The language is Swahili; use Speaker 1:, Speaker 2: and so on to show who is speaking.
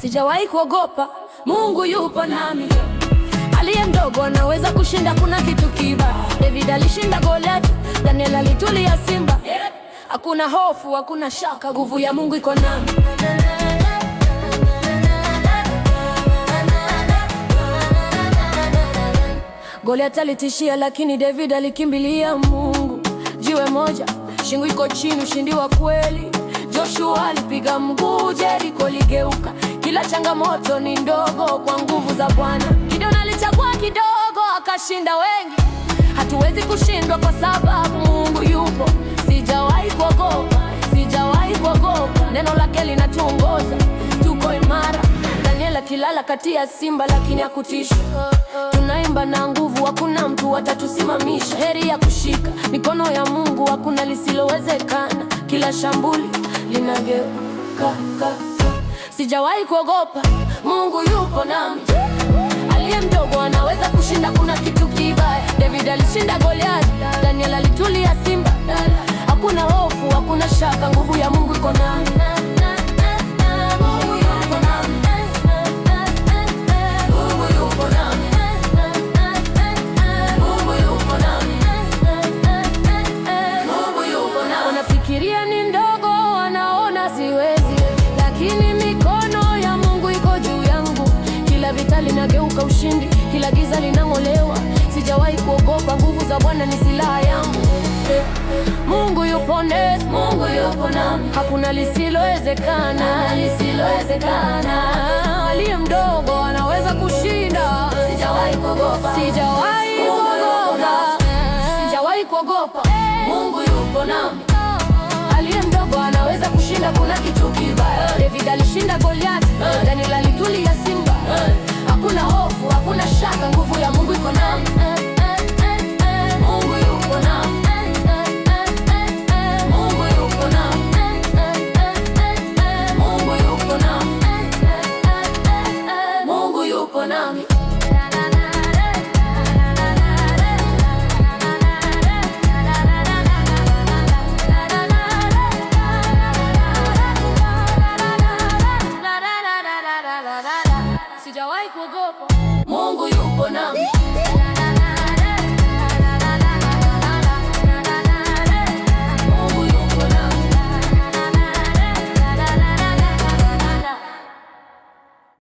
Speaker 1: sijawahi kuogopa, Mungu yupo nami. Aliye mdogo anaweza kushinda, kuna kitu kiba. David alishinda goliati Daniel alitulia simba. Hakuna hofu, hakuna shaka, nguvu ya Mungu iko nami. Goliath alitishia, lakini David alikimbilia Mungu. Jiwe moja, shingo iko chini, ushindi wa kweli Joshua alipiga mguu, Jeriko ligeuka. Kila changamoto ni ndogo kwa nguvu za Bwana. Gideon alichagua kidogo, akashinda wengi. Hatuwezi kushindwa kwa sababu Mungu yupo. Sijawahi kuogopa, sijawahi kuogopa. Neno lake linatuongoza, tuko imara. Daniel akilala kati ya simba, lakini hakutishwa. Tunaimba na nguvu, hakuna mtu watatusimamisha. Heri ya kushika mikono ya Mungu, hakuna lisilowezekana kila shambuli linageuka Sijawahi kuogopa, Mungu yupo nami, aliye mdogo anaweza kushinda. Kuna kitu kibaya, David alishinda Goliath, Daniel alitulia simba. Hakuna hofu, hakuna shaka, nguvu ya Mungu iko nami. kutamka ushindi, kila giza linang'olewa. Sijawahi kuogopa, nguvu za Bwana ni silaha yangu. Mungu yupo nasi,
Speaker 2: Mungu yupo nami,
Speaker 1: hakuna lisilowezekana,
Speaker 2: lisilowezekana.
Speaker 1: Aliye mdogo anaweza kushinda.
Speaker 2: Sijawahi kuogopa,
Speaker 1: sijawahi kuogopa, sijawahi kuogopa.
Speaker 2: Mungu yupo nami,
Speaker 1: aliye mdogo anaweza kushinda. Kuna kitu kibaya, David alishinda Goliath.
Speaker 2: Venom.